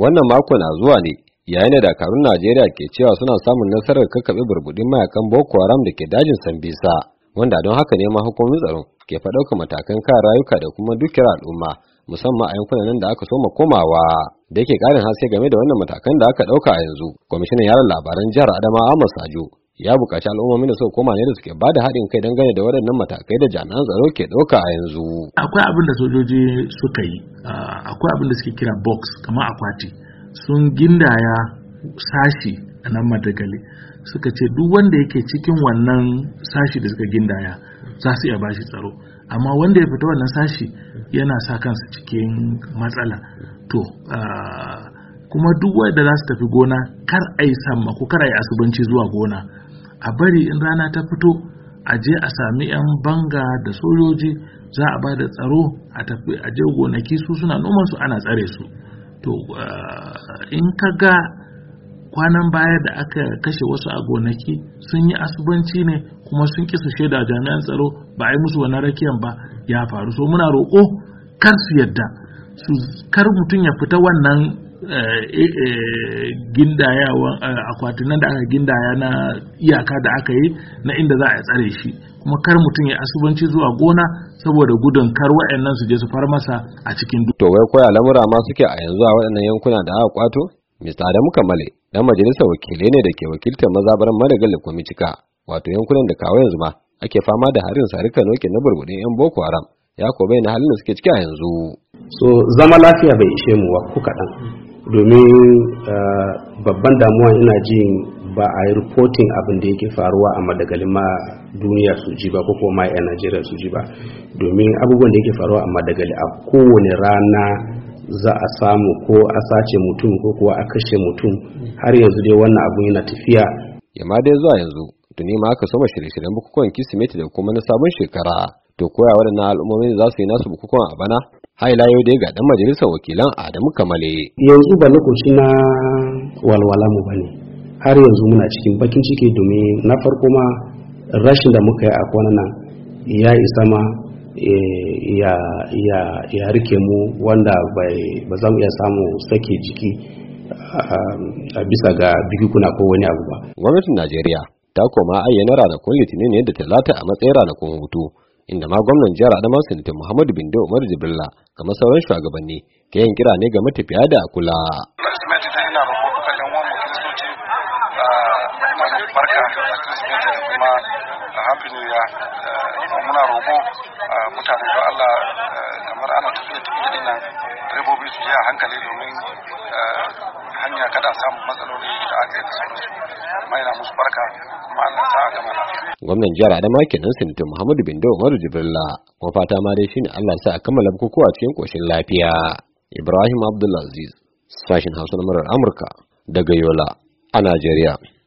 wannan mako na zuwa ne yayin da dakarun najeriya ke cewa suna samun nasarar kakkaɓe burbudin mayakan boko haram da ke dajin sambisa wanda don haka ne ma hukumomin tsaron ke faɗauka matakan kan rayuka da kuma dukiyar al'umma musamman a yankunan nan da aka soma komawa da yake ƙarin haske game da wannan matakan da aka ɗauka a yanzu kwamishinan yaran labaran jihar Adama Ahmad Sajo ya bukaci al'ummomi da suka koma ne da suke ba da haɗin kai dangane da waɗannan matakai da jami'an tsaro ke ɗauka a yanzu. Akwai abin da sojoji suka yi, akwai abin da suke kira box kamar akwati sun gindaya sashi a nan madagali suka ce duk wanda yake cikin wannan sashi da suka gindaya za su iya bashi tsaro amma wanda ya fita wannan sashi yana sa kansa cikin matsala to kuma duk wanda za su tafi gona kar a yi samma ko kar a yi asubanci zuwa gona a bari in rana ta fito a je a sami 'yan banga da sojoji za a ba da tsaro a tafi a je gonaki su suna noman su ana tsare su to eh, in ka ga kwanan baya da aka kashe wasu a gonaki sun yi asubanci ne kuma sun ki su shaida jami'an tsaro ba a yi musu wani rakiyan ba ya faru so muna roƙo kar su yadda su kar mutum ya fita wannan Eh, eh, gindayawan eh, akwatin nan da aka gindaya na iyaka da aka yi na inda za a tsare shi kuma kar mutum ya asubanci zuwa gona saboda gudun kar wa'annan su je su far masa a cikin duk. To wai koya lamura ma suke a yanzu a waɗannan yankuna da aka kwato? Mr. Adamu Kamale, ɗan majalisar wakilai ne da ke wakiltar mazabaran Madagal da Kwamicika, wato yankunan da kawo yanzu ma ake fama da harin sarika noke na burbuɗin 'yan Boko Haram. Ya ko na halin da suke ciki a yanzu. So zama lafiya bai ishe mu ba ku kaɗan. domin ah, babban damuwa ina jin ba a yi abin da yake faruwa a madagalin ma duniya su ji ba ko kuma a najeriya su ji ba domin abubuwan da yake faruwa a madagali a kowane rana za a samu ko a sace mutum ko kuwa a kashe mutum har yanzu dai wannan abun yana tafiya yamma dai zuwa yanzu tuni ma aka soma shirye-shiryen bukukuwan kisimeti da kuma na sabon shekara to koya waɗannan al'ummomin za su yi nasu bukukuwan a bana haila yau da ga dan majalisar wakilan Adamu Kamale yanzu ba lokaci na walwala mu bane har yanzu muna cikin bakin ciki domin na farko ma rashin da muka yi a kwanan ya isa ma eh, ya ya rike mu wanda ba za mu iya samu sake jiki a bisa ga kuna ko wani abu ba gwamnatin Najeriya ta koma ayyana ranakun litinin ne da talata a matsayin ranakun hutu inda ma gwamnan jihar Adamawa Sinitin Muhammadu Bindo Umar Jibrilla kamar sauran shugabanni ta yin kira ne ga matafiya da kula. Ah, ah, eh, muna roƙo ah, mutane don Allah eh, kamar ana tafiya tafiya nan direbobi su je a hankali domin eh, hanya kada samun matsaloli Gwamnan jihar Adama kenan Sinito Muhammadu Bindo Umaru jibrila kuma fata ma dai shi ne Allah ya sa a kammala bukukuwa cikin koshin lafiya. Ibrahim Abdulaziz sashin Hausa na Amurka daga Yola a Najeriya.